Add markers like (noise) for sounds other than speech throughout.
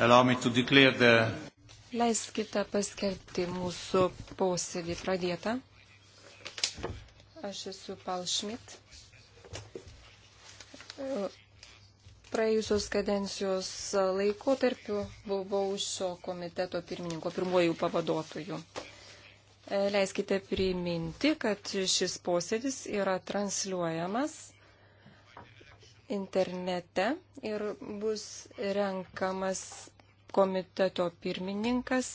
The... Leiskite paskelbti mūsų posėdį pradėtą. Aš esu Paul Schmidt. Praėjusios kadencijos laikotarpiu buvau šio komiteto pirmininko pirmojų pavaduotojų. Leiskite priminti, kad šis posėdis yra transliuojamas internete ir bus renkamas komiteto pirmininkas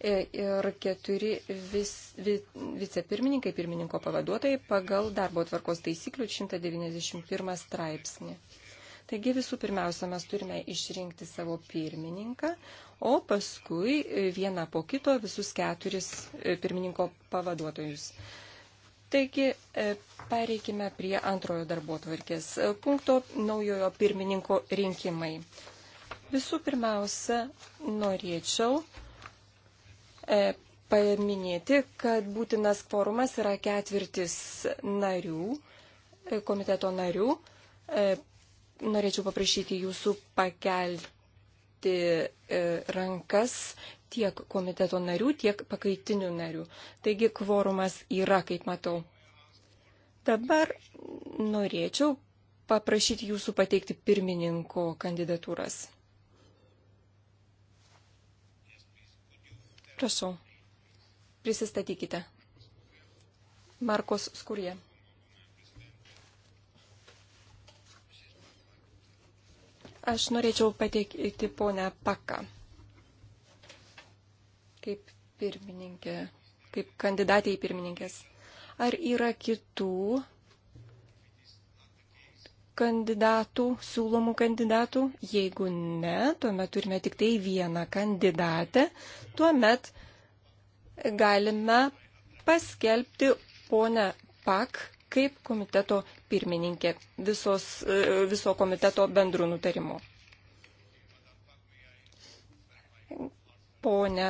e, ir keturi vis, vi, vicepirmininkai pirmininko pavaduotojai pagal darbo tvarkos taisyklių 191 straipsnį. Taigi visų pirmiausia, mes turime išrinkti savo pirmininką, o paskui vieną po kito visus keturis e, pirmininko pavaduotojus. Taigi e, pereikime prie antrojo darbo tvarkės e, punkto naujojo pirmininko rinkimai. Visų pirmiausia, norėčiau e, paminėti, kad būtinas kvorumas yra ketvirtis narių, komiteto narių. Norėčiau paprašyti jūsų pakelti rankas, tiek komiteto narių, tiek pakaitinių narių. Taigi kvorumas yra, kaip matau. Dabar norėčiau paprašyti jūsų pateikti pirmininko kandidatūras. Prašau, prisistatykite. Markos Skurė. Aš norėčiau pateikti ponę Paką kaip pirmininkė, kaip kandidatė į pirmininkės. Ar yra kitų kandidatų, siūlomų kandidatų? Jeigu ne, tuomet turime tik tai vieną kandidatę. Tuomet galime paskelbti ponę Pak kaip komiteto pirmininkė visos, viso komiteto bendrų nutarimų. Pone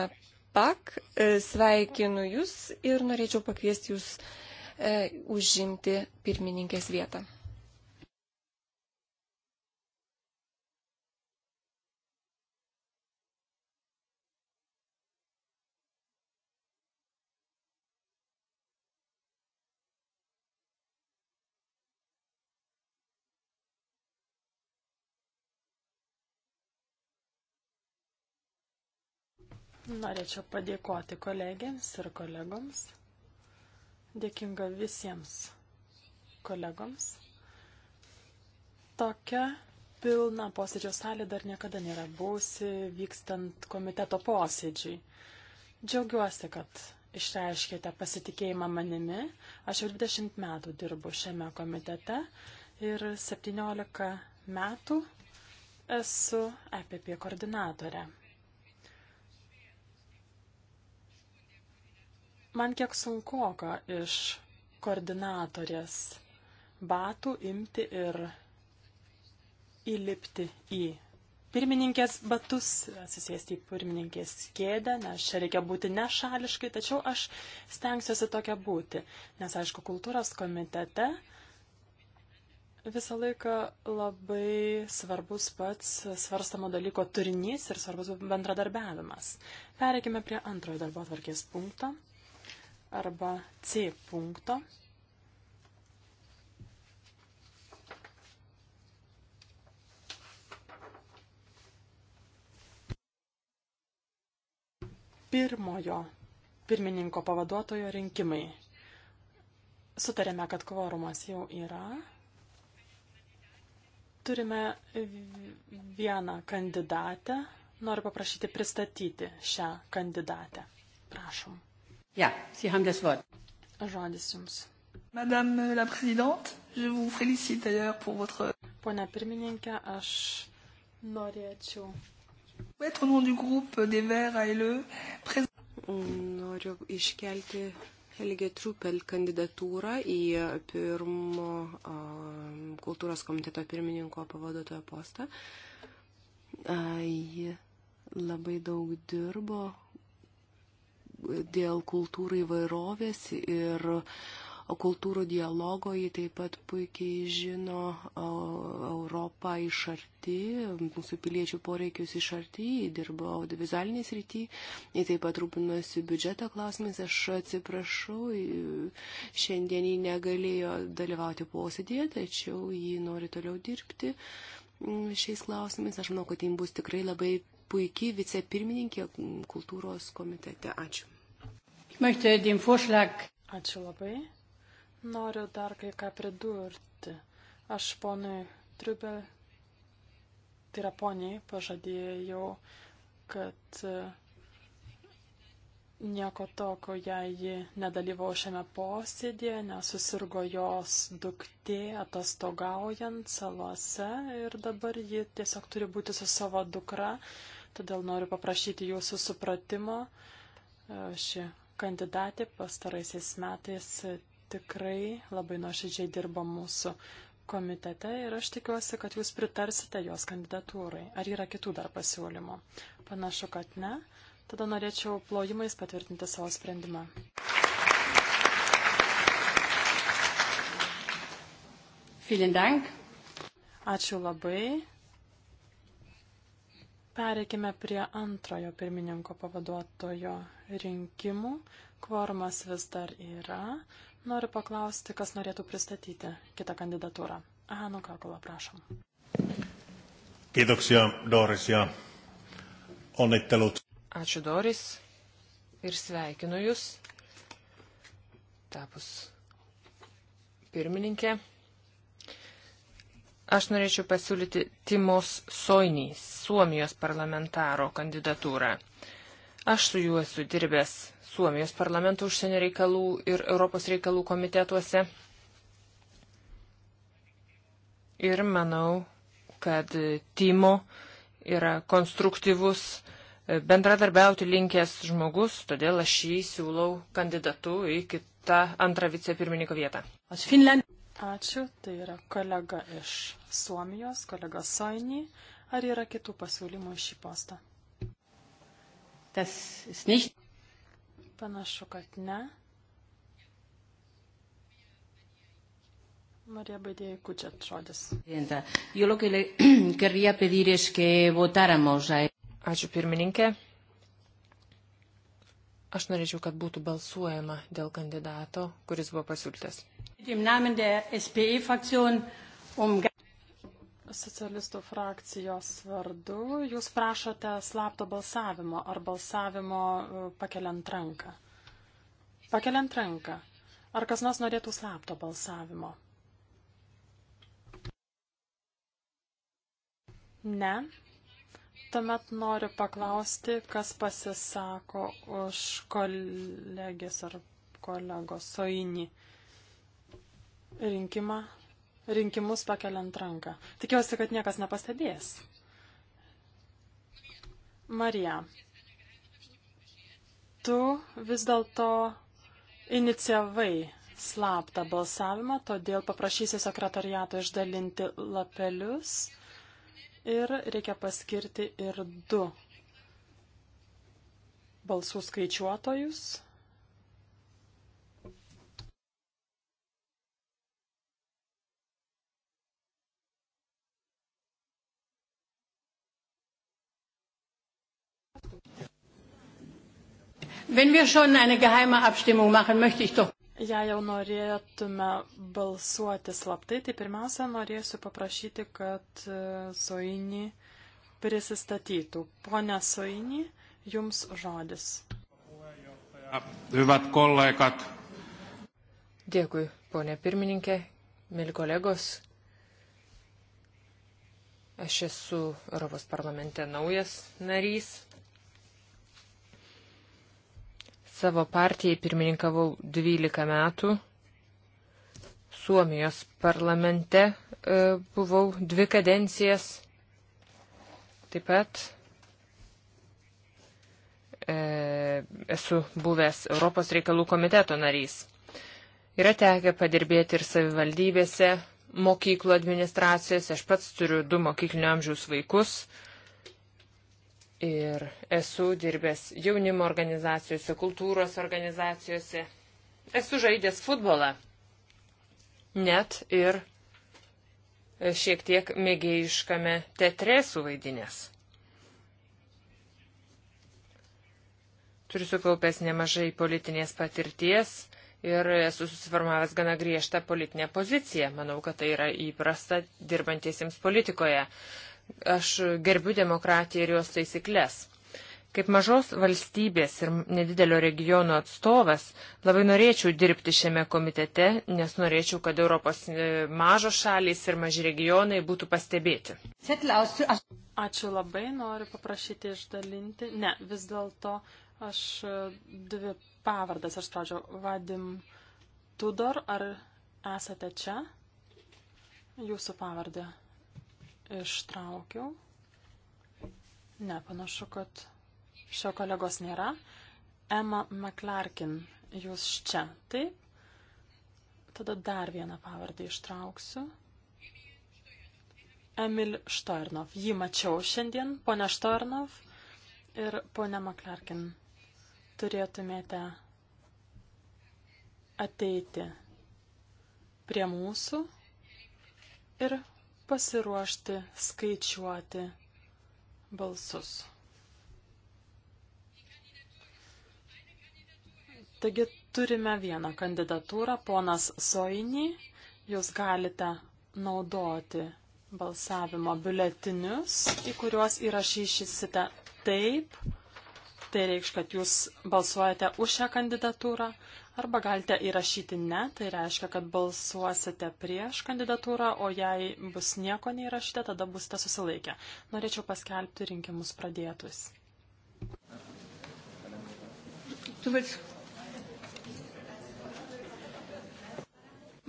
pak, e, sveikinu Jūs ir norėčiau pakviesti Jūs e, užimti pirmininkės vietą. Norėčiau padėkoti kolegėms ir kolegoms. Dėkinga visiems kolegoms. Tokia pilna posėdžio salė dar niekada nėra būsi vykstant komiteto posėdžiui. Džiaugiuosi, kad išreiškėte pasitikėjimą manimi. Aš jau 20 metų dirbu šiame komitete ir 17 metų esu EPP koordinatorė. Man kiek sunkoka iš koordinatorės batų imti ir įlipti į pirmininkės batus, atsisėsti į pirmininkės kėdę, nes čia reikia būti nešališkai, tačiau aš stengsiuosi tokia būti, nes aišku, kultūros komitete visą laiką labai svarbus pats svarstamo dalyko turinys ir svarbus bendradarbiavimas. Pereikime prie antrojo darbo atvarkės punkto arba C punkto. Pirmojo pirmininko pavaduotojo rinkimai. Sutarėme, kad kvorumas jau yra. Turime vieną kandidatę. Noriu paprašyti pristatyti šią kandidatę. Prašom. Ja, Sie haben das Wort. Žodis Jums. Madame la Présidente, je vous félicite d'ailleurs pour votre. Pone pirmininkė, aš norėčiau. Au nom du groupe des Verts ALE, prés... Noriu iškelti Helge Trupel kandidatūrą į pirmo kultūros komiteto pirmininko pavaduotojo postą. Ji labai daug dirbo dėl kultūrų įvairovės ir kultūrų dialogo jį taip pat puikiai žino Europą iš arti, mūsų piliečių poreikius iš arti, jį dirbo audiovizualiniai srity, jį taip pat rūpinosi biudžeto klausimais, aš atsiprašau, šiandien jį negalėjo dalyvauti posėdėje, tačiau jį nori toliau dirbti šiais klausimais. Aš manau, kad jiems bus tikrai labai puikiai vicepirmininkė kultūros komitete. Ačiū. Ačiū labai. Noriu dar kai ką pridurti. Aš ponui Triubel, tai yra poniai, pažadėjau, kad e, nieko toko, jei ji nedalyvavo šiame posėdėje, nes susirgo jos duktė atostogaujant salose ir dabar ji tiesiog turi būti su savo dukra todėl noriu paprašyti jūsų supratimo. E, ši kandidatė pastaraisiais metais tikrai labai nuoširdžiai dirba mūsų komitete ir aš tikiuosi, kad jūs pritarsite jos kandidatūrai. Ar yra kitų dar pasiūlymų? Panašu, kad ne. Tada norėčiau plojimais patvirtinti savo sprendimą. Vielen Dank. Ačiū labai. Pereikime prie antrojo pirmininko pavaduotojo rinkimų. Kvormas vis dar yra. Noriu paklausti, kas norėtų pristatyti kitą kandidatūrą. Anu Kalkola, prašom. Kiitoksia, Doris, ja onnittelut. Ačiū, Doris, ir sveikinu Jūs tapus pirmininkė. Aš norėčiau pasiūlyti Timos Soinį, Suomijos parlamentaro kandidatūrą. Aš su juo esu dirbęs Suomijos parlamento užsienio reikalų ir Europos reikalų komitetuose. Ir manau, kad Timo yra konstruktyvus e, bendradarbiauti linkęs žmogus, todėl aš jį siūlau kandidatu į kitą antrą vicepirmininko vietą. Aš Finland. Ačiū, tai yra kolega iš Suomijos, kolega Soinį. Ar yra kitų pasiūlymų iš šį postą? Panašu, kad ne. María Bedie Kuchat, žodis. Yo lo que le (clears throat) querría pedir es que votáramos a... Ačiū pirmininkė. Aš norėčiau, kad būtų balsuojama dėl kandidato, kuris buvo pasiūlytas. Um Socialistų frakcijos vardu jūs prašote slapto balsavimo ar balsavimo e, pakeliant ranką. Pakeliant ranką. Ar kas nors norėtų slapto balsavimo? Ne. Tuomet noriu paklausti, kas pasisako už kolegės ar kolegos Soinį rinkimą, rinkimus pakeliant ranką. Tikiuosi, kad niekas nepastebės. Marija, tu vis dėlto inicijavai slaptą balsavimą, todėl paprašysiu sekretariato išdalinti lapelius ir reikia paskirti ir du balsų skaičiuotojus. Wenn wir schon eine geheime Abstimmung machen, möchte ich doch. Jei jau norėtume balsuoti slaptai, tai pirmiausia, norėsiu paprašyti, kad e, Soini prisistatytų. Pone Soini, jums žodis. Hyvät kollegat. Dėkui, ponė pirmininkė, mėly kolegos. Aš esu Europos parlamente naujas narys, Savo partijai pirmininkavau 12 metų. Suomijos parlamente e, buvau dvi kadencijas. Taip pat e, esu buvęs Europos reikalų komiteto narys. Yra tekę padirbėti ir savivaldybėse, mokyklų administracijose. Aš pats turiu du mokyklinio amžiaus vaikus. Ir esu dirbęs jaunimo organizacijose, kultūros organizacijose. Esu žaidęs futbolą. Net ir šiek tiek mėgėjiškame teatre suvaidinės. Turiu sukaupęs nemažai politinės patirties ir esu susiformavęs gana griežtą politinę poziciją. Manau, kad tai yra įprasta dirbantiesiems politikoje. Aš gerbiu demokratiją ir jos taisyklės. Kaip mažos valstybės ir nedidelio regiono atstovas, labai norėčiau dirbti šiame komitete, nes norėčiau, kad Europos e, mažos šalys ir maži regionai būtų pastebėti. Ačiū labai, noriu paprašyti išdalinti. Ne, vis dėlto aš e, dvi pavardas, aš pradžio vadim Tudor, ar esate čia? Jūsų pavardė ištraukiau. Ne, panašu, kad šio kolegos nėra. Emma McClarkin, jūs čia, taip? Tada dar vieną pavardę ištrauksiu. Emil Štornov. Jį mačiau šiandien, ponia Štornov ir ponia McClarkin. Turėtumėte ateiti prie mūsų ir pasiruošti skaičiuoti balsus. Taigi turime vieną kandidatūrą, ponas Soinį, jūs galite naudoti balsavimo biuletinius, į kuriuos įrašysite taip, tai reikš, kad jūs balsuojate už šią kandidatūrą, Arba galite įrašyti ne, tai reiškia, kad balsuosite prieš kandidatūrą, o jei bus nieko neįrašyta, tada busite susilaikę. Norėčiau paskelbti rinkimus pradėtus.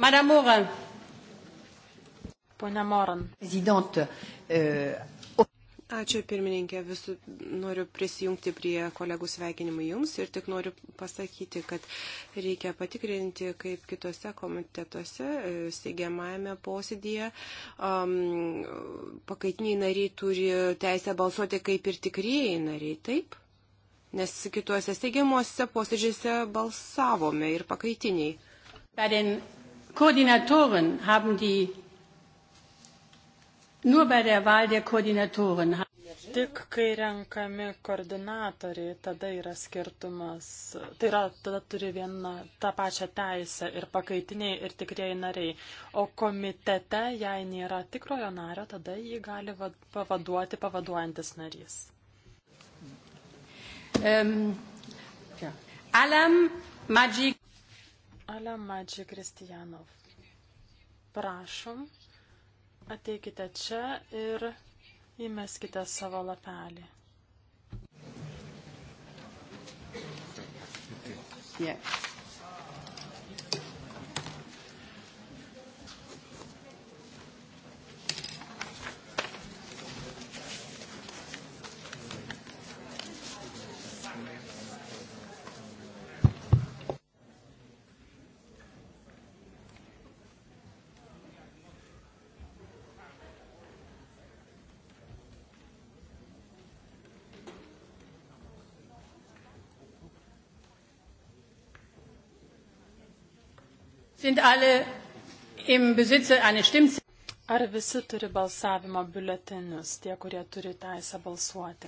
Madame Moran. Pone Moran. Prezidente, euh, Ačiū pirmininkė, visų noriu prisijungti prie kolegų sveikinimų jums ir tik noriu pasakyti, kad reikia patikrinti, kaip kitose komitetuose, e, steigiamajame posėdėje, um, pakaitiniai nariai turi teisę balsuoti kaip ir tikrieji nariai, taip? Nes kituose steigiamuose posėdžiuose balsavome ir pakaitiniai. Bei den Koordinatoren haben die Tik kai renkami koordinatoriai, tada yra skirtumas. Tai yra, tada turi vieną tą pačią teisę ir pakaitiniai, ir tikrieji nariai. O komitete, jei nėra tikrojo nario, tada jį gali pavaduoti pavaduojantis narys. Um, ja. Alam Madži. Alam Madži Kristijanov. Prašom. Ateikite čia ir įmeskite savo lapelį. Yeah. Ar visi turi balsavimo biuletenius, tie, kurie turi teisę balsuoti?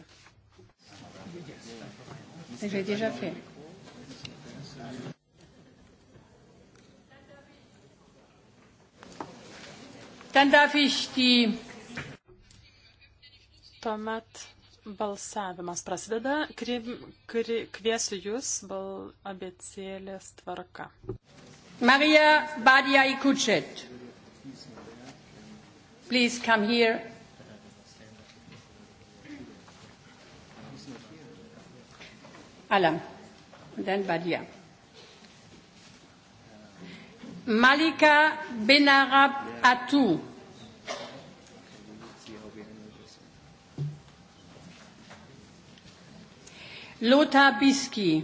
J'ai déjà fait. Dann darf ich die. Tuomet balsavimas prasideda. Kri, kri, kviesiu Jūs bal abecėlės tvarka. Maria Badia Ikuchet. Please come here. Alam. And then Badia. Malika Benarab Atou. Lothar Bisky.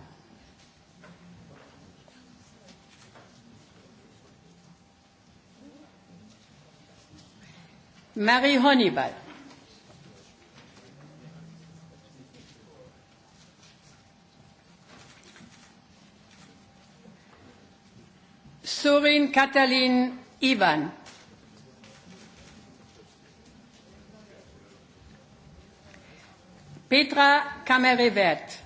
Mary Honeyball. Surin Katalin Ivan. Petra Kamerevert.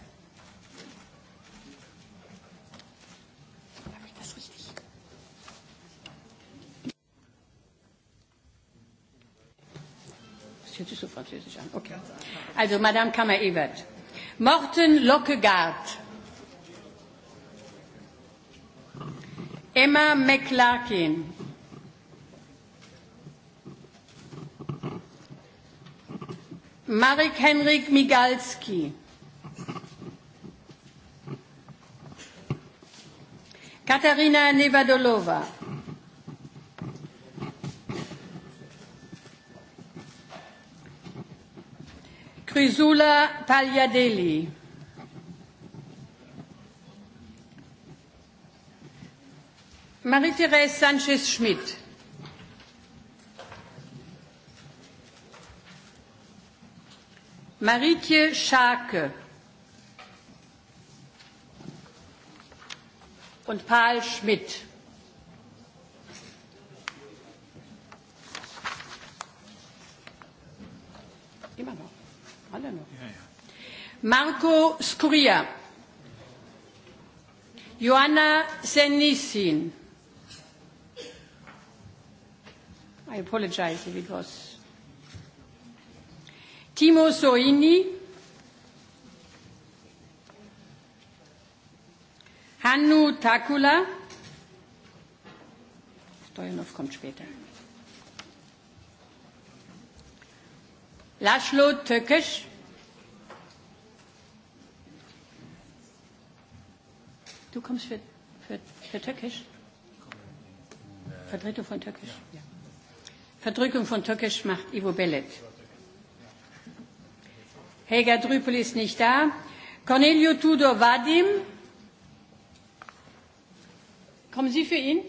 Französisch an. Okay. Also, Madame Kammer-Ebert. Morten Lockegaard. Emma McLarkin. Marek Henrik Migalski. Katarina Nevadolova. Crisula Tagliadelli. Marie-Thérèse Sanchez-Schmidt. Marieke Schake. Und Paul Schmidt. alle noch. Ja, ja. Marco Scuria, Joanna Senissin. I apologize if it was. Timo Soini, Hannu Takula. Stojanov kommt später. Laszlo Tökes. Du kommst für, für, für Türkisch? Vertretung von Türkisch? Ja. Verdrückung von Türkisch macht Ivo Bellet. Helga Drüpel ist nicht da. Cornelio Tudor Vadim. Kommen Sie für ihn?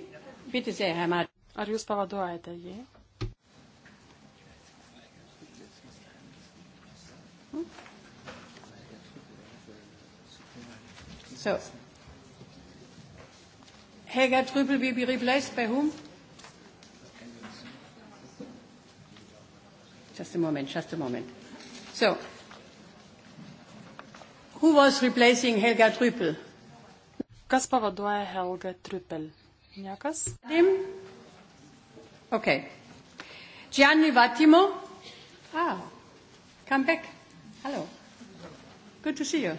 Bitte sehr, Herr Martin. Ar jūs pavaduojate jį? So, Helga Trüppel will be replaced by whom? Just a moment, just a moment. So, who was replacing Helga Trüppel? Kas pavaduoja Helga Trüppel? Niekas? Dim? Okay. Gianni Vattimo? Ah, come back. Hello. Good to see you.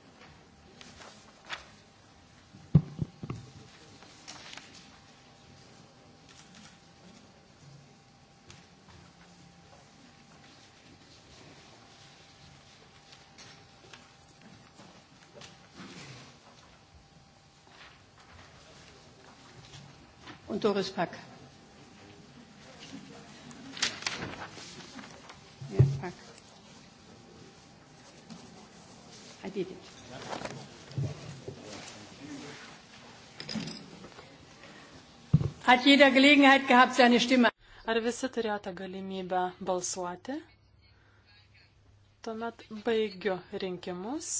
und Doris Pack. Yeah, Pack. I did it. Hat jeder Gelegenheit gehabt, seine Stimme. Ar visi turėjote galimybę balsuoti? Tuomet baigiu rinkimus.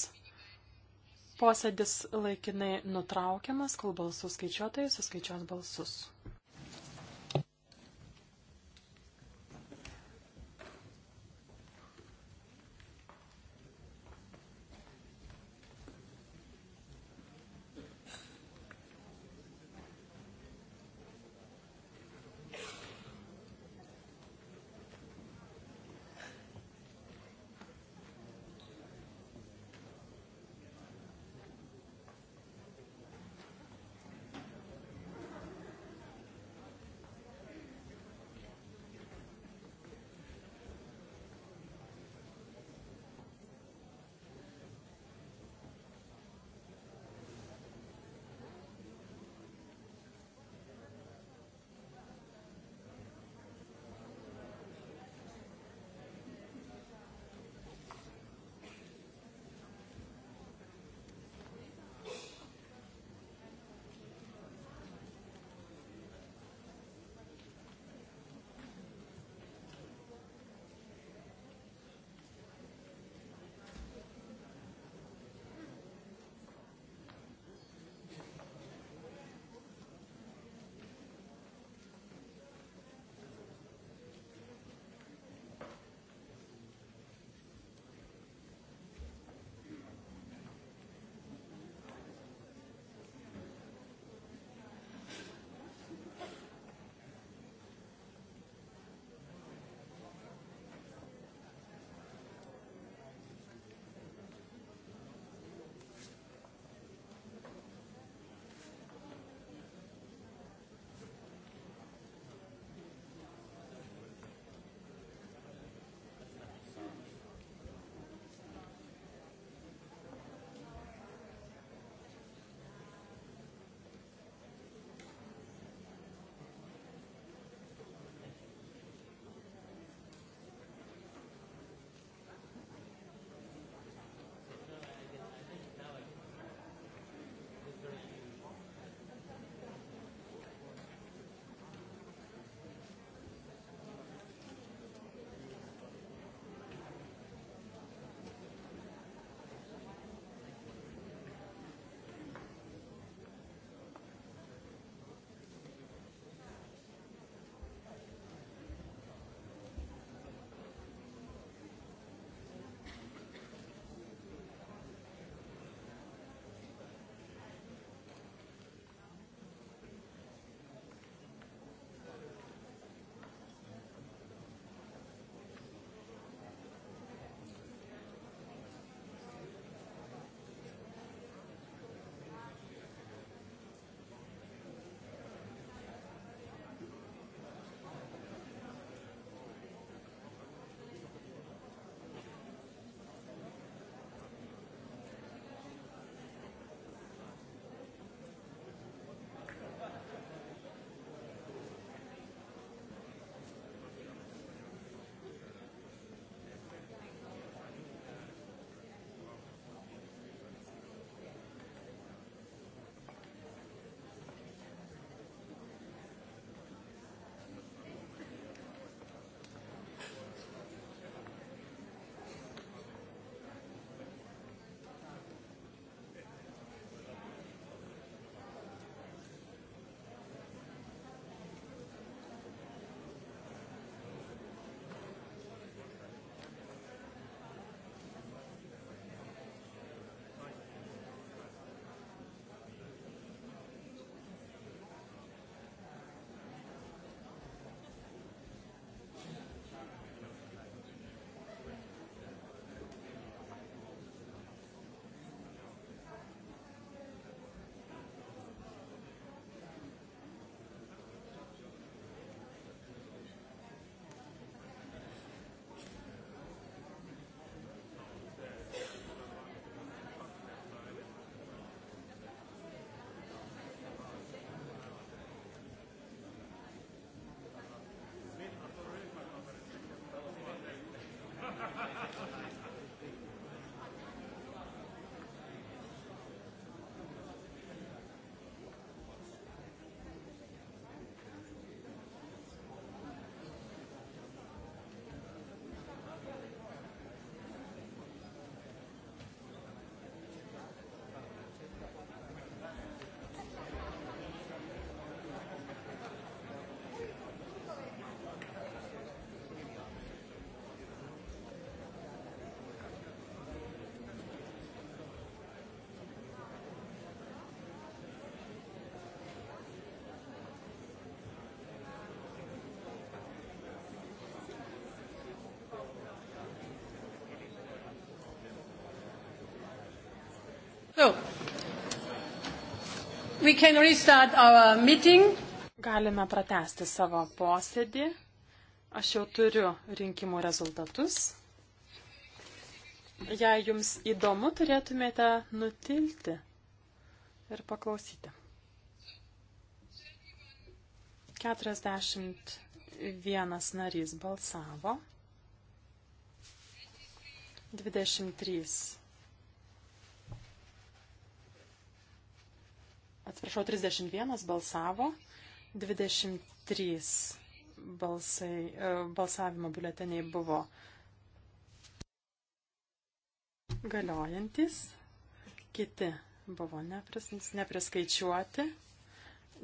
Posėdis laikinai nutraukiamas, kol balsų skaičiuotojai suskaičiuos balsus. We can restart our meeting. Galime pratesti savo posėdį. Aš jau turiu rinkimų rezultatus. Jei jums įdomu, turėtumėte nutilti ir paklausyti. 41 narys balsavo. 23 atsiprašau, 31 balsavo, 23 balsai, e, balsavimo biuleteniai buvo galiojantis, kiti buvo nepris, nepriskaičiuoti,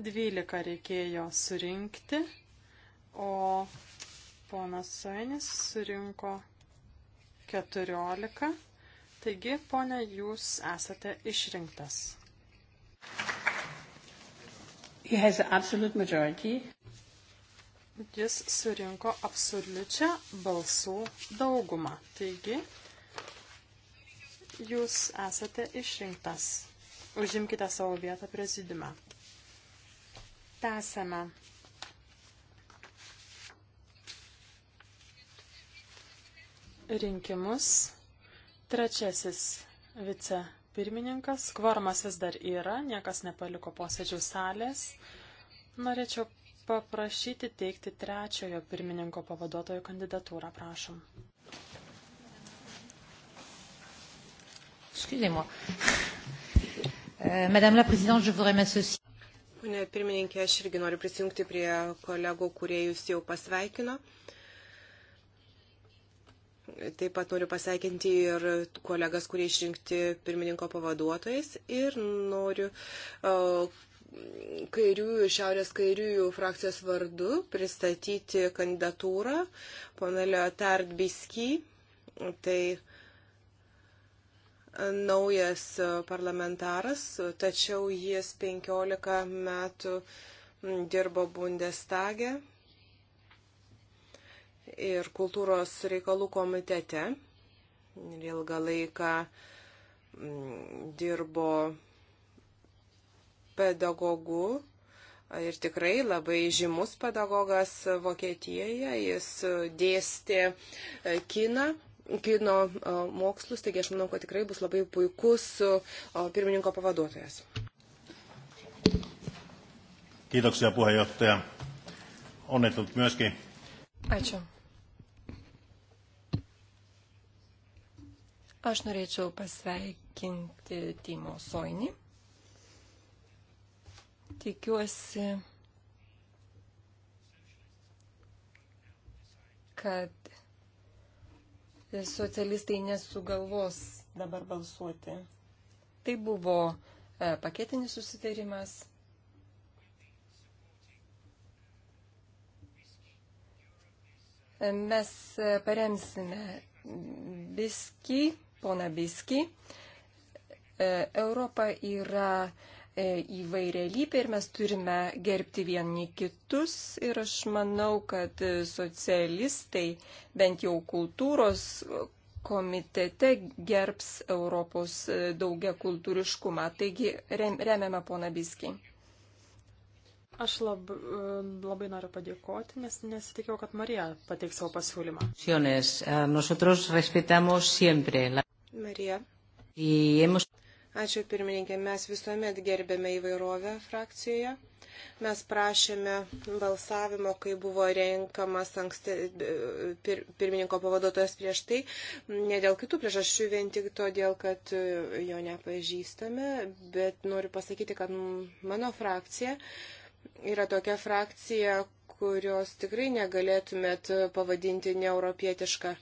12 reikėjo surinkti, o ponas Soinis surinko 14, taigi, ponia, jūs esate išrinktas. Jis surinko absoliučią balsų daugumą. Taigi, jūs esate išrinktas. Užimkite savo vietą prezidime. Tęsėme. Rinkimus. Trečiasis vice pirmininkas. Kvormas vis dar yra, niekas nepaliko posėdžių salės. Norėčiau paprašyti teikti trečiojo pirmininko pavaduotojo kandidatūrą, prašom. Excusez-moi. Euh, Madame la Présidente, je voudrais m'associer. Pone pirmininkė, aš irgi noriu prisijungti prie kolegų, kurie jūs jau pasveikino. Uh, Taip pat noriu pasveikinti ir kolegas, kurie išrinkti pirmininko pavaduotojais ir noriu kairiųjų, šiaurės kairiųjų frakcijos vardu pristatyti kandidatūrą ponelio Tardbiski. Tai e, naujas parlamentaras, tačiau jis 15 metų dirbo Bundestage ir kultūros reikalų komitete. Ir ilgą laiką mm, dirbo pedagogu ir tikrai labai žymus pedagogas Vokietijoje. Jis dėstė e, kiną kino e, mokslus, taigi aš manau, kad tikrai bus labai puikus e, pirmininko pavaduotojas. Kiitoksia puheenjohtaja. Onnittelut myöskin. Ačiū. Aš norėčiau pasveikinti Timo Soinį. Tikiuosi, kad socialistai nesugalvos dabar balsuoti. Tai buvo e, paketinis susitarimas. Mes e, paremsime viskį pona Biski. E, Europa yra e, įvairialybė ir mes turime gerbti vieni kitus. Ir aš manau, kad socialistai bent jau kultūros komitete gerbs Europos e, daugia kultūriškumą. Taigi remiame poną Biskį. Aš lab, labai noriu padėkoti, nes nesitikėjau, kad Marija pateiks savo pasiūlymą. Nosotros respetamos siempre la... Marija. Ačiū pirmininkė, mes visuomet gerbėme įvairovę frakcijoje. Mes prašėme balsavimo, kai buvo renkamas anksti, pir, pirmininko pavaduotojas prieš tai, ne dėl kitų priežasčių, vien tik todėl, kad e, jo nepažįstame, bet noriu pasakyti, kad mano frakcija yra tokia frakcija, kurios tikrai negalėtumėt pavadinti neuropietišką.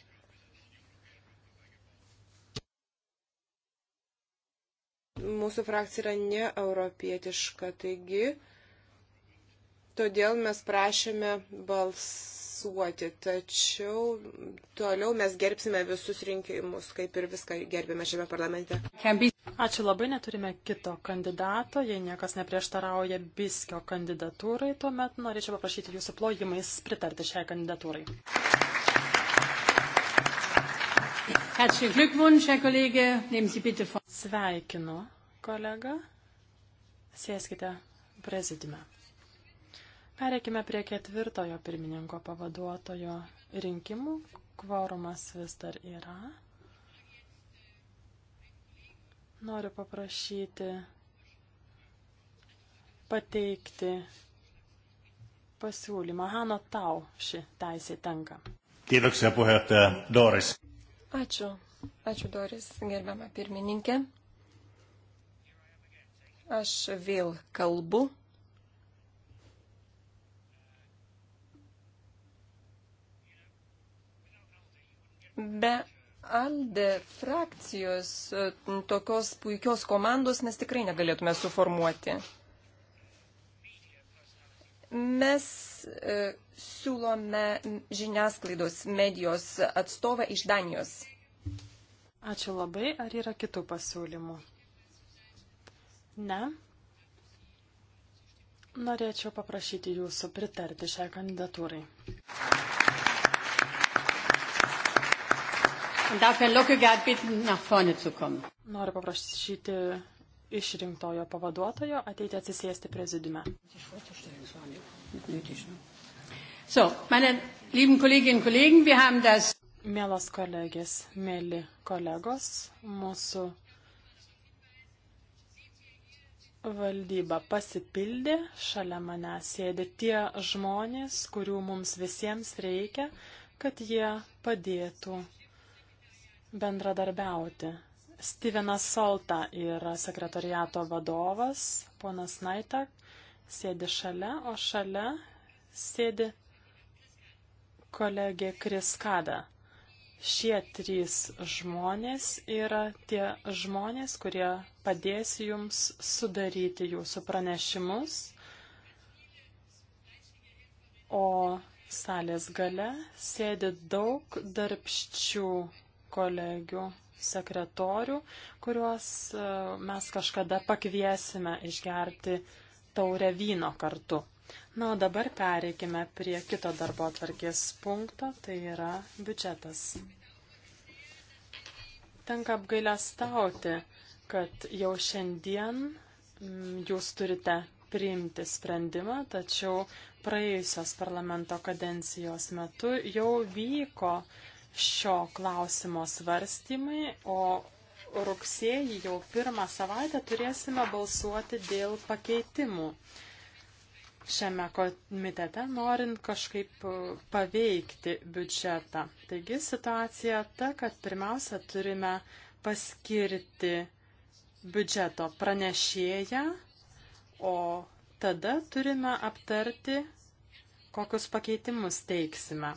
mūsų frakcija yra neeuropietiška, taigi todėl mes prašėme balsuoti, tačiau toliau mes gerbsime visus rinkimus, kaip ir viską gerbėme šiame parlamente. Ačiū labai, neturime kito kandidato, jei niekas neprieštarauja Biskio kandidatūrai, tuomet norėčiau paprašyti jūsų plojimais pritarti šiai kandidatūrai. Herzlichen Glückwunsch, Herr Kollege. Nehmen Sie bitte vor. Sveikinu kolega. Sėskite prezidime. Pereikime prie ketvirtojo pirmininko pavaduotojo rinkimų. Kvorumas vis dar yra. Noriu paprašyti pateikti pasiūlymą. Hano, tau ši teisė tenka. Kiitoksia puheenjohtaja Doris. Ačiū. Ačiū Doris, gerbiama pirmininkė. Aš vėl kalbu. Be Alde frakcijos e, tokios puikios komandos mes tikrai negalėtume suformuoti. Mes e, siūlome žiniasklaidos medijos atstovą iš Danijos. Ačiū labai. Ar yra kitų pasiūlymų? Ne. Norėčiau paprašyti jūsų pritarti šiai kandidatūrai. Noriu paprašyti išrinktojo pavaduotojo ateiti atsisėsti prezidiume. So, meine lieben Kolleginnen und Kollegen, wir haben das Mielos kolegės, mėly kolegos, mūsų valdyba pasipildė, šalia mane sėdi tie žmonės, kurių mums visiems reikia, kad jie padėtų bendradarbiauti. Stevenas Solta yra sekretariato vadovas, ponas Naitak sėdi šalia, o šalia sėdi kolegė Kriskada. Šie trys žmonės yra tie žmonės, kurie padės jums sudaryti jūsų pranešimus, o salės gale sėdi daug darbščių kolegių sekretorių, kuriuos e, mes kažkada pakviesime išgerti taurę vyno kartu. Na, o dabar pereikime prie kito darbo atvarkės punkto, tai yra biudžetas. Tenka apgailę stauti, kad jau šiandien mm, jūs turite priimti sprendimą, tačiau praėjusios parlamento kadencijos metu jau vyko šio klausimo svarstymai, o rugsėjį jau pirmą savaitę turėsime balsuoti dėl pakeitimų šiame komitete, norint kažkaip e, paveikti biudžetą. Taigi situacija ta, kad pirmiausia turime paskirti biudžeto pranešėją, o tada turime aptarti, kokius pakeitimus teiksime.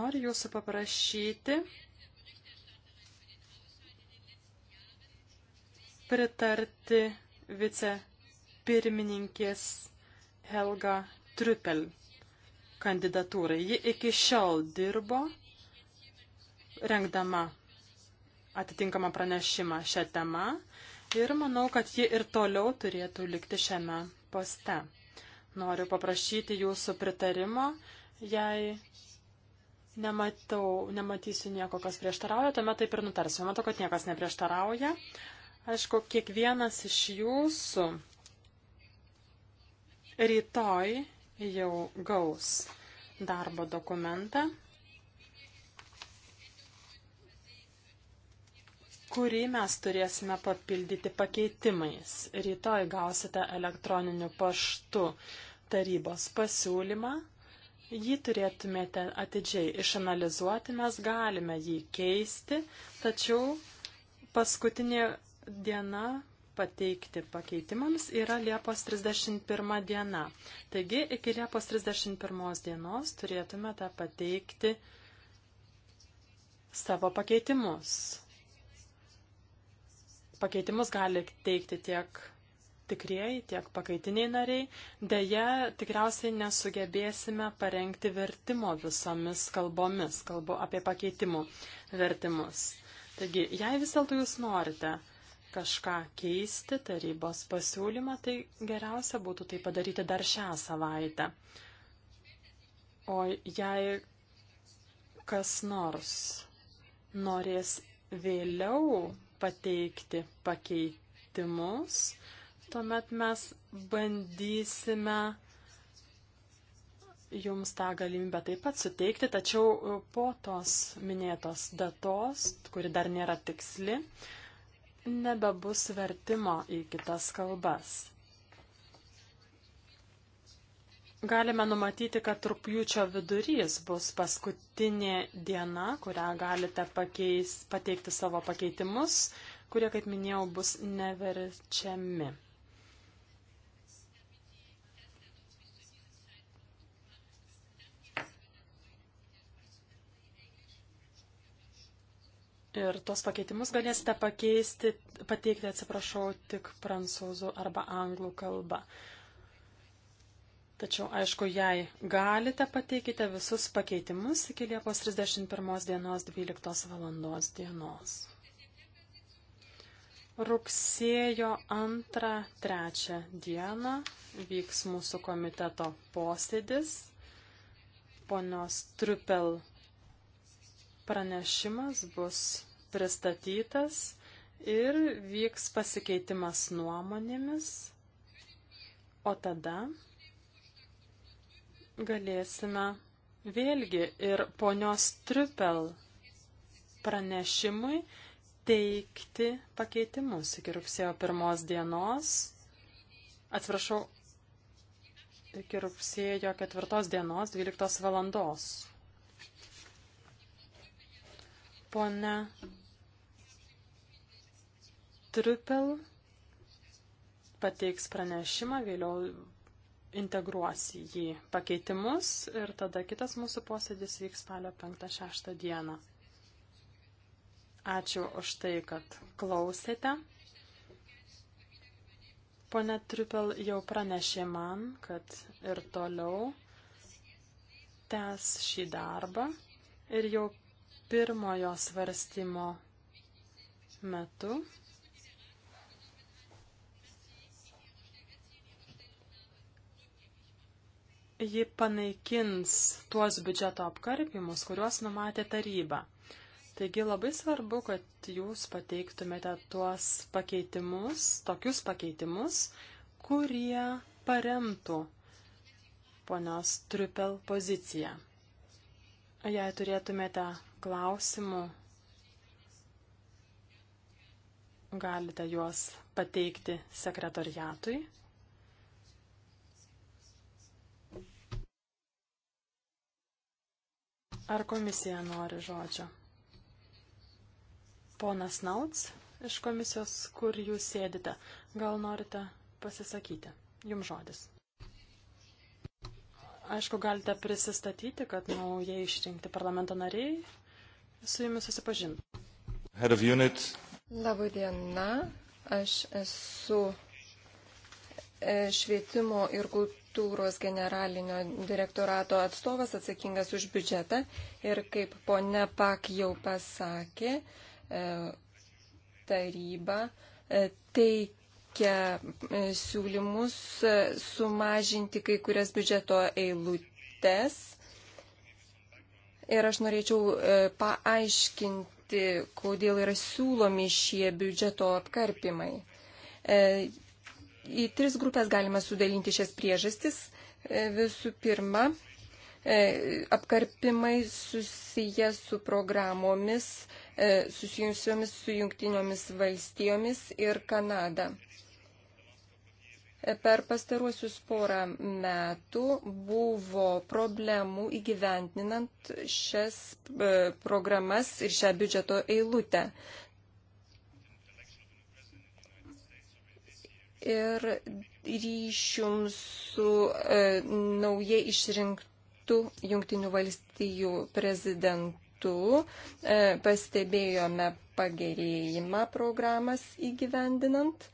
Noriu jūsų paprašyti pritarti vicepirmininkės Helga Trupel kandidatūrai. Ji iki šiol dirbo rengdama atitinkamą pranešimą šią temą ir manau, kad ji ir toliau turėtų likti šiame poste. Noriu paprašyti jūsų pritarimo, jei nematau, nematysiu nieko, kas prieštarauja, tuomet taip ir nutarsiu. Matau, kad niekas neprieštarauja. Aišku, kiekvienas iš jūsų rytoj jau gaus darbo dokumentą, kurį mes turėsime papildyti pakeitimais. Rytoj gausite elektroniniu paštu tarybos pasiūlymą. Jį turėtumėte atidžiai išanalizuoti, mes galime jį keisti, tačiau paskutinė diena pateikti pakeitimams yra Liepos 31 diena. Taigi iki Liepos 31 dienos turėtumėte pateikti savo pakeitimus. Pakeitimus gali teikti tiek tikrieji, tiek pakaitiniai nariai. Deja, tikriausiai nesugebėsime parengti vertimo visomis kalbomis. Kalbu apie pakeitimų vertimus. Taigi, jei vis dėlto jūs norite kažką keisti tarybos pasiūlymą, tai geriausia būtų tai padaryti dar šią savaitę. O jei kas nors norės vėliau pateikti pakeitimus, tuomet mes bandysime jums tą galimybę taip pat suteikti, tačiau po tos minėtos datos, kuri dar nėra tiksli, nebebus vertimo į kitas kalbas. Galime numatyti, kad rūpjūčio vidurys bus paskutinė diena, kurią galite pakeis, pateikti savo pakeitimus, kurie, kaip minėjau, bus neverčiami. Ir tuos pakeitimus galėsite pakeisti, pateikti, atsiprašau, tik prancūzų arba anglų kalba. Tačiau, aišku, jei galite, pateikite visus pakeitimus iki Liepos 31 dienos 12 valandos dienos. Rugsėjo 2-3 dieną vyks mūsų komiteto posėdis. Ponios Trupel pranešimas bus pristatytas ir vyks pasikeitimas nuomonėmis, o tada galėsime vėlgi ir ponios Triupel pranešimui teikti pakeitimus iki rugsėjo pirmos dienos. Atsiprašau, iki rugsėjo ketvirtos dienos 12 valandos. Pone Trupel pateiks pranešimą, vėliau integruos jį pakeitimus ir tada kitas mūsų posėdis vyks spalio 5-6 dieną. Ačiū už tai, kad klausėte. Pone Trupel jau pranešė man, kad ir toliau tęs šį darbą ir jau pirmojo svarstymo metu ji panaikins tuos biudžeto apkarpimus, kuriuos numatė taryba. Taigi labai svarbu, kad jūs pateiktumėte tuos pakeitimus, tokius pakeitimus, kurie paremtų ponios Trupel poziciją. Jei turėtumėte klausimų, galite juos pateikti sekretoriatui. Ar komisija nori žodžio? Ponas Nauts iš komisijos, kur jūs sėdite, gal norite pasisakyti? Jums žodis. Aišku, galite prisistatyti, kad naujai išrinkti parlamento nariai su jumis susipažintų. Labą dieną, aš esu E, švietimo ir kultūros generalinio direktorato atstovas atsakingas už biudžetą ir kaip ponia Pak jau pasakė, e, taryba e, teikia siūlymus sumažinti kai kurias biudžeto eilutes. Ir aš norėčiau paaiškinti, kodėl yra siūlomi šie biudžeto apkarpimai į tris grupės galima sudalinti šias priežastis. E, visų pirma, e, apkarpimai susiję su programomis e, susijusiomis su jungtiniomis valstijomis ir Kanada. Per pastaruosius porą metų buvo problemų įgyventinant šias programas ir šią biudžeto eilutę. ir ryšium su e, naujai išrinktų Junktinių valstijų prezidentu e, pastebėjome pagerėjimą programas įgyvendinant.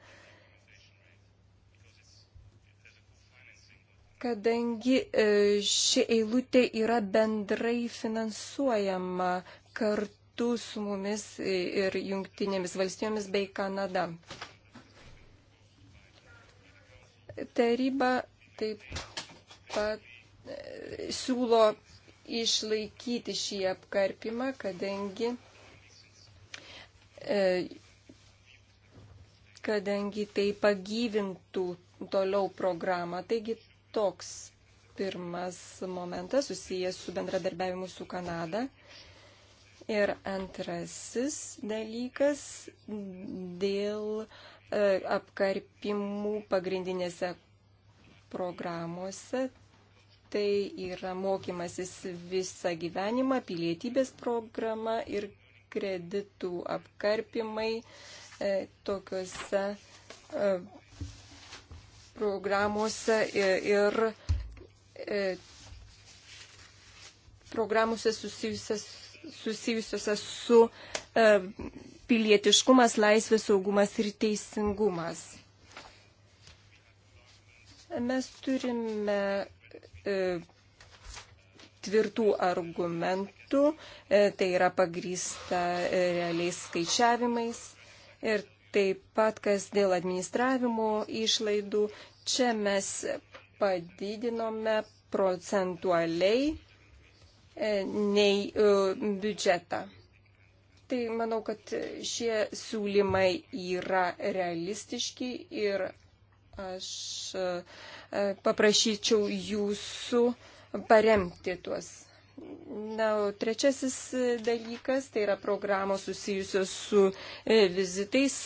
Kadangi e, ši eilutė yra bendrai finansuojama kartu su mumis ir jungtinėmis valstijomis bei Kanada. Taryba taip pat e, siūlo išlaikyti šį apkarpimą, kadangi, e, kadangi tai pagyvintų toliau programą. Taigi toks pirmas momentas susijęs su bendradarbiavimu su Kanada. Ir antrasis dalykas dėl uh, E, apkarpimų pagrindinėse programuose. Tai yra mokymasis visą gyvenimą, pilietybės programa ir kreditų apkarpimai e, tokiuose e, programuose ir e, programuose susijusiuose su e, pilietiškumas, laisvė, saugumas ir teisingumas. Mes turime e, tvirtų argumentų, e, tai yra pagrįsta e, realiais skaičiavimais ir taip pat, kas dėl administravimo išlaidų, čia mes padidinome procentualiai e, nei e, biudžetą. Tai manau, kad šie siūlymai yra realistiški ir aš e, paprašyčiau jūsų paremti tuos. Na, o trečiasis dalykas tai yra programos susijusios su e, vizitais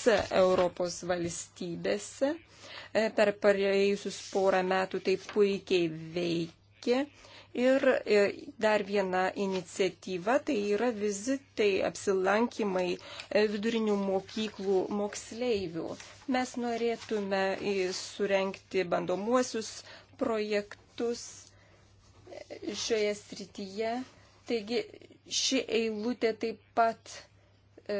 Europos valstybėse. E, per praėjusius porą metų tai puikiai veikia. Ir e, dar viena iniciatyva, tai yra vizitai, apsilankimai e, vidurinių mokyklų moksleivių. Mes norėtume e, surenkti bandomuosius projektus šioje srityje. Taigi ši eilutė taip pat e,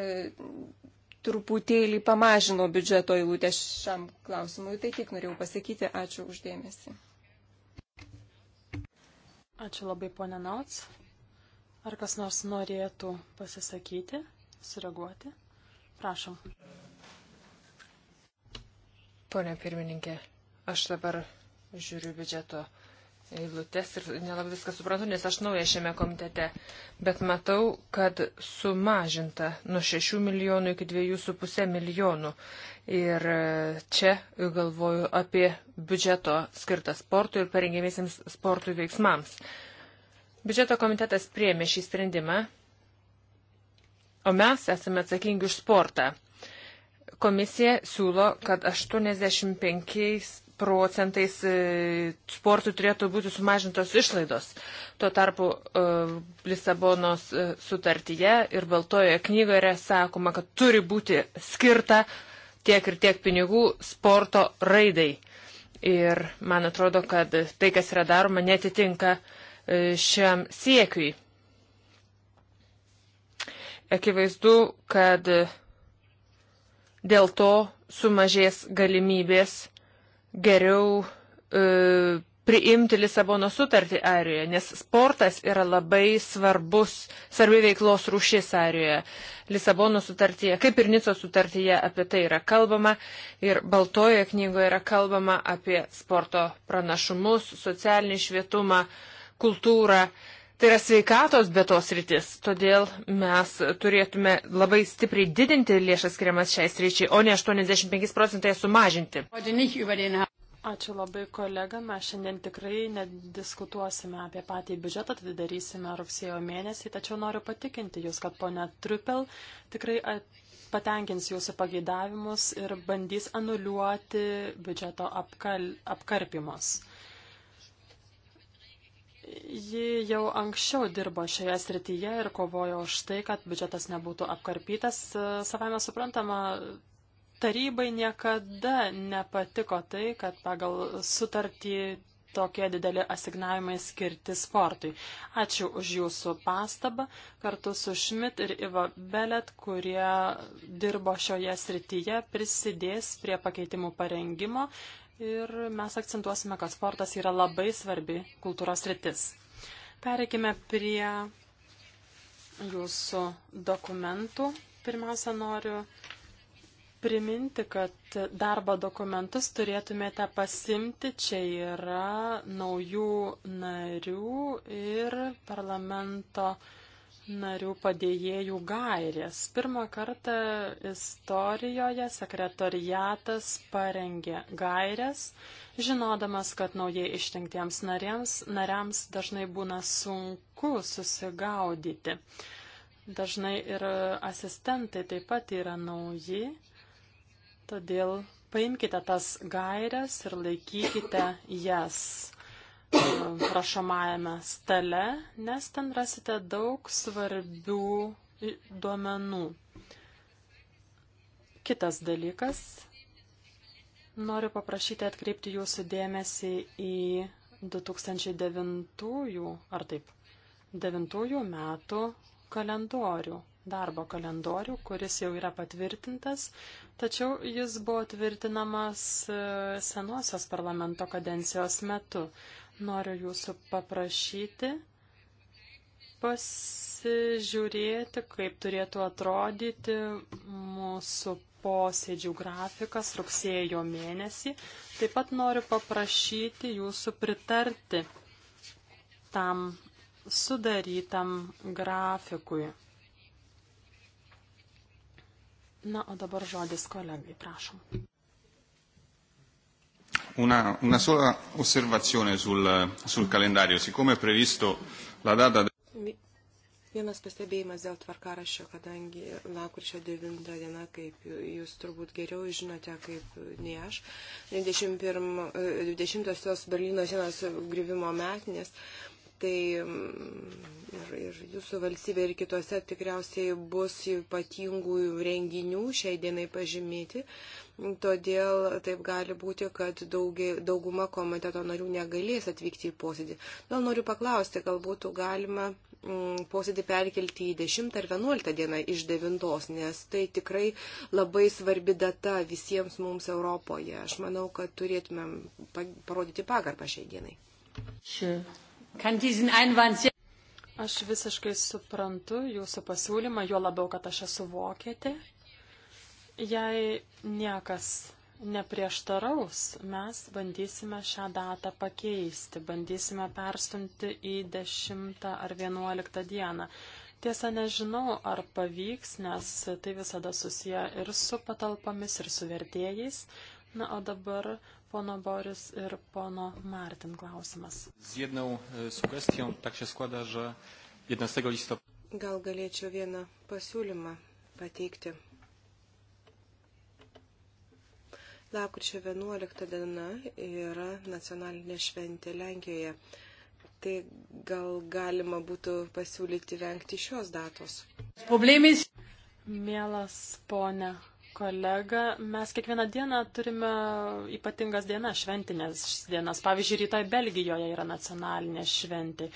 truputėlį pamažino biudžeto eilutę šiam klausimui. Tai tik norėjau pasakyti. Ačiū uždėmesi. Ačiū labai, ponė Nauts. Ar kas nors norėtų pasisakyti, sureaguoti? Prašom. Pone pirmininkė, aš dabar žiūriu biudžeto eilutes ir nelabai viską suprantu, nes aš nauja šiame komitete, bet matau, kad sumažinta nuo 6 milijonų iki 2,5 milijonų. Ir e, čia galvoju apie biudžeto skirtą sportui ir parengėmėsiams sportui veiksmams. Biudžeto komitetas priemė šį sprendimą, o mes esame atsakingi už sportą. Komisija siūlo, kad 85 procentais e, sportui turėtų būti sumažintos išlaidos. Tuo tarpu e, Lisabonos e, sutartyje ir Baltojoje knygoje yra sakoma, kad turi būti skirta tiek ir tiek pinigų sporto raidai. Ir man atrodo, kad tai, kas yra daroma, netitinka šiam siekiui. Akivaizdu, kad dėl to sumažės galimybės geriau e, priimti Lisabono sutartį Airijoje, nes sportas yra labai svarbus, svarbi veiklos rūšis Airijoje. Lisabono sutartyje, kaip ir Nico sutartyje apie tai yra kalbama ir Baltojoje knygoje yra kalbama apie sporto pranašumus, socialinį švietumą, kultūrą. Tai yra sveikatos betos rytis, todėl mes turėtume labai stipriai didinti lėšas skiriamas šiai sryčiai, o ne 85 procentai sumažinti. Ačiū labai kolega, mes šiandien tikrai nediskutuosime apie patį biudžetą, tai darysime rugsėjo mėnesį, tačiau noriu patikinti Jūs, kad ponia Trupel tikrai patenkins Jūsų pageidavimus ir bandys anuliuoti biudžeto apkal, apkarpimus. Ji jau anksčiau dirbo šioje srityje ir kovojo už tai, kad biudžetas nebūtų apkarpytas. Savame suprantama, tarybai niekada nepatiko tai, kad pagal sutartį tokie dideli asignavimai skirti sportui. Ačiū už jūsų pastabą kartu su Šmit ir Iva Belet, kurie dirbo šioje srityje, prisidės prie pakeitimų parengimo ir mes akcentuosime, kad sportas yra labai svarbi kultūros rytis. Pereikime prie jūsų dokumentų. Pirmiausia, noriu priminti, kad darbo dokumentus turėtumėte pasimti. Čia yra naujų narių ir parlamento narių narių padėjėjų gairės. Pirmą kartą istorijoje sekretariatas parengė gairės, žinodamas, kad naujai išrinktiems narėms, nariams dažnai būna sunku susigaudyti. Dažnai ir asistentai taip pat yra nauji, todėl paimkite tas gairės ir laikykite jas rašomajame stale, nes ten rasite daug svarbių duomenų. Kitas dalykas. Noriu paprašyti atkreipti jūsų dėmesį į 2009 ar taip 9 metų kalendorių darbo kalendorių, kuris jau yra patvirtintas, tačiau jis buvo tvirtinamas e, senosios parlamento kadencijos metu. Noriu jūsų paprašyti pasižiūrėti, kaip turėtų atrodyti mūsų posėdžių grafikas rugsėjo mėnesį. Taip pat noriu paprašyti jūsų pritarti tam sudarytam grafikui. Na, o dabar žodis kolegai, prašom. Una, una sola osservazione sul, sul calendario. Siccome è previsto la data. De... Vienas pastebėjimas dėl tvarkaraščio, kadangi lakurčio 9 diena, kaip jūs turbūt geriau žinote, kaip nei aš, 21, 20-osios Berlyno sienos grįvimo metinės, uh, Tai mm, ir, ir jūsų valstybė ir kitose tikriausiai bus ypatingų renginių šiai dienai pažymėti. Todėl taip gali būti, kad daugi, dauguma komiteto narių negalės atvykti į posėdį. Vėl noriu paklausti, gal būtų galima mm, posėdį perkelti į 10 ar 11 dieną iš 9, nes tai tikrai labai svarbi data visiems mums Europoje. Aš manau, kad turėtumėm parodyti pagarbą šiai dienai. Sure. Aš visiškai suprantu jūsų pasiūlymą, juo labiau, kad aš esu vokietė. Jei niekas neprieštaraus, mes bandysime šią datą pakeisti, bandysime perstumti į 10 ar 11 dieną. Tiesa, nežinau, ar pavyks, nes tai visada susiję ir su patalpomis, ir su vertėjais. Na, o dabar pono Boris ir pono Martin klausimas. E, gal galėčiau vieną pasiūlymą pateikti. Lapkričio 11 diena yra nacionalinė šventė Lenkijoje. Tai gal galima būtų pasiūlyti vengti šios datos. Problemis. Mielas ponė kolega, mes kiekvieną dieną turime ypatingas dienas, šventinės dienas. Pavyzdžiui, rytoj Belgijoje yra nacionalinė šventė.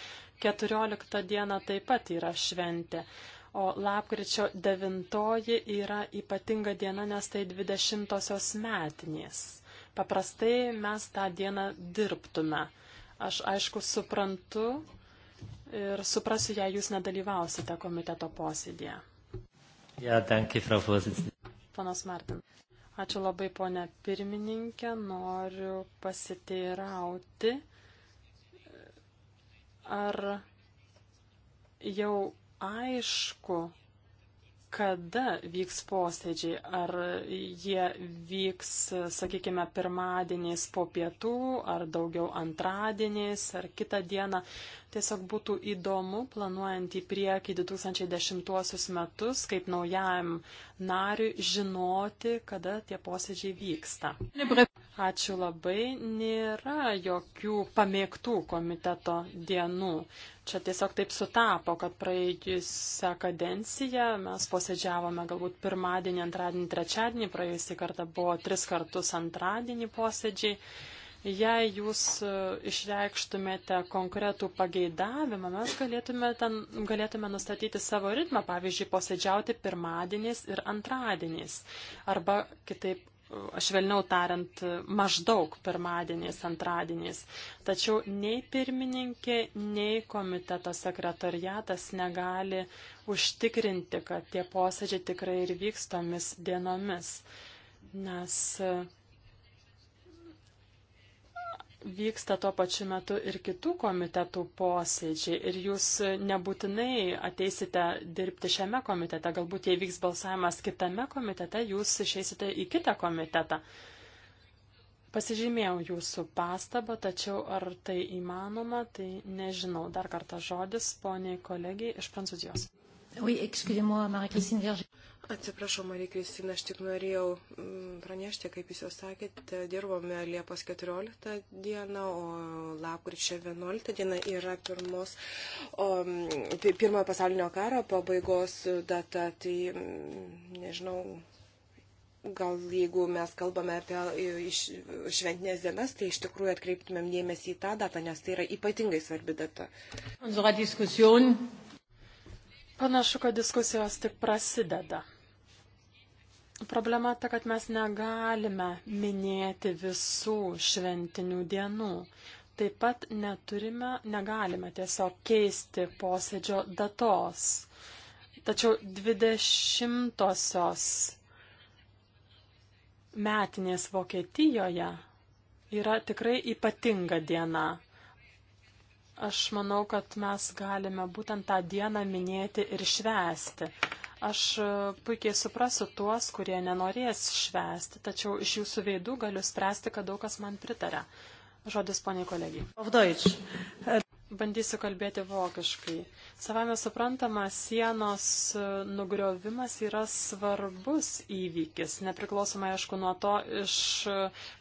14 diena taip pat yra šventė. O lapkričio 9 yra ypatinga diena, nes tai 20-osios metinės. Paprastai mes tą dieną dirbtume. Aš aišku suprantu ir suprasiu, jei jūs nedalyvausite komiteto posėdėje. Ja, danke, Frau Vorsitzende. Panas Martin. Ačiū labai, ponė pirmininkė. Noriu pasiteirauti, ar jau aišku, kada vyks posėdžiai, ar jie vyks, sakykime, pirmadieniais po pietų, ar daugiau antradieniais, ar kitą dieną. Tiesiog būtų įdomu, planuojant į priekį 2010 metus, kaip naujajam nariui žinoti, kada tie posėdžiai vyksta. Ačiū labai. Nėra jokių pamėgtų komiteto dienų. Čia tiesiog taip sutapo, kad praėjusią kadenciją mes posėdžiavome galbūt pirmadienį, antradienį, trečiadienį, praėjusį kartą buvo tris kartus antradienį posėdžiai. Jei jūs e, išreikštumėte konkretų pageidavimą, mes galėtume, ten, galėtume nustatyti savo ritmą, pavyzdžiui, posėdžiauti pirmadieniais ir antradieniais. Arba kitaip švelniau tariant, maždaug pirmadieniais, antradieniais. Tačiau nei pirmininkė, nei komiteto sekretariatas negali užtikrinti, kad tie posėdžiai tikrai ir vyks tomis dienomis, nes vyksta tuo pačiu metu ir kitų komitetų posėdžiai ir jūs nebūtinai ateisite dirbti šiame komitete, galbūt jei vyks balsavimas kitame komitete, jūs išeisite į kitą komitetą. Pasižymėjau jūsų pastabą, tačiau ar tai įmanoma, tai nežinau. Dar kartą žodis poniai kolegijai iš Prancūzijos. Oui, excusez-moi, Marie-Christine Verger. Atsiprašau, Marija Kristina, aš tik norėjau mm, pranešti, kaip jūs jau sakėte, dirbome Liepos 14 dieną, o lapkričio 11 diena yra pirmos, o, mm, pirmojo pasaulinio karo pabaigos data. Tai mm, nežinau, gal jeigu mes kalbame apie e, iš, šventinės dienas, tai iš tikrųjų atkreiptumėm dėmesį į tą datą, nes tai yra ypatingai svarbi data. Panašu, kad diskusijos tik prasideda. Problema ta, kad mes negalime minėti visų šventinių dienų. Taip pat neturime, negalime tiesiog keisti posėdžio datos. Tačiau 20-osios metinės Vokietijoje yra tikrai ypatinga diena. Aš manau, kad mes galime būtent tą dieną minėti ir švęsti. Aš e, puikiai suprasiu tuos, kurie nenorės švęsti, tačiau iš jūsų veidų galiu spręsti, kad daug kas man pritarė. Žodis poniai kolegijai. Bandysiu kalbėti vokiškai. Savame suprantama, sienos nugriovimas yra svarbus įvykis, nepriklausomai aišku nuo to, iš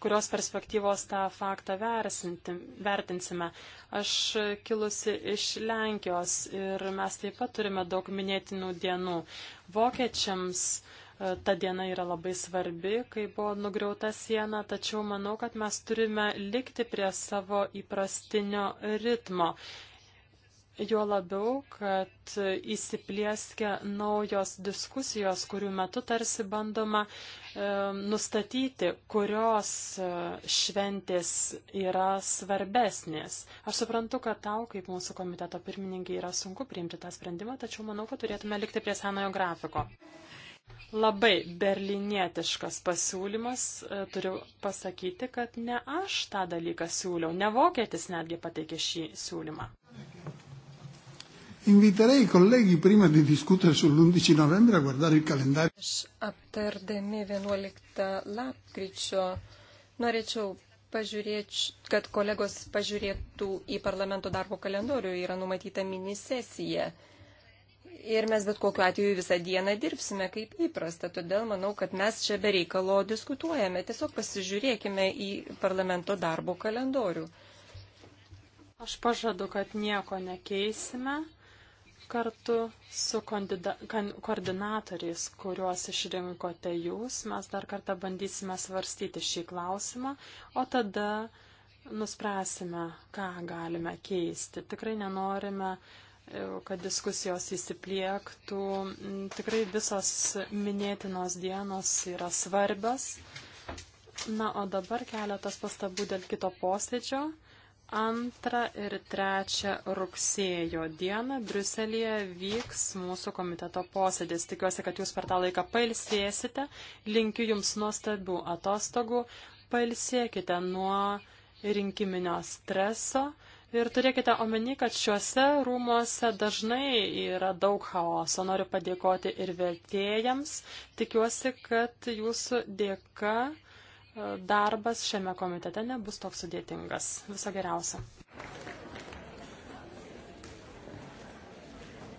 kurios perspektyvos tą faktą vertinsime. Aš kilusi iš Lenkijos ir mes taip pat turime daug minėtinų dienų. Vokiečiams uh, ta diena yra labai svarbi, kai buvo nugriauta siena, tačiau manau, kad mes turime likti prie savo įprastinio ritmo. Jo labiau, kad įsiplieskia naujos diskusijos, kurių metu tarsi bandoma e, nustatyti, kurios e, šventės yra svarbesnės. Aš suprantu, kad tau, kaip mūsų komiteto pirmininkai, yra sunku priimti tą sprendimą, tačiau manau, kad turėtume likti prie senojo grafiko. Labai berlinietiškas pasiūlymas. E, turiu pasakyti, kad ne aš tą dalyką siūliau, ne vokietis netgi pateikė šį siūlymą. Inviterei i colleghi prima di discutere sull'11 novembre a guardare il calendario. Aš aptardami 11 lapkričio norėčiau pažiūrėti, kad kolegos pažiūrėtų į parlamento darbo kalendorių, yra numatyta mini sesija. Ir mes bet kokiu atveju visą dieną dirbsime kaip įprasta, todėl manau, kad mes čia be reikalo diskutuojame. Tiesiog pasižiūrėkime į parlamento darbo kalendorių. Aš pažadu, kad nieko nekeisime kartu su koordinatoriais, kuriuos išrinkote jūs. Mes dar kartą bandysime svarstyti šį klausimą, o tada nuspręsime, ką galime keisti. Tikrai nenorime kad diskusijos įsipliektų. Mm, tikrai visos minėtinos dienos yra svarbios. Na, o dabar keletas pastabų dėl kito posėdžio. Antrą ir trečią rugsėjo dieną Bruselėje vyks mūsų komiteto posėdis. Tikiuosi, kad jūs per tą laiką pailsėsite. Linkiu jums nuostabių atostogų. Pailsėkite nuo rinkiminio streso. Ir turėkite omeny, kad šiuose rūmuose dažnai yra daug chaoso. Noriu padėkoti ir vertėjams. Tikiuosi, kad jūsų dėka e, darbas šiame komitete nebus toks sudėtingas. Viso geriausio.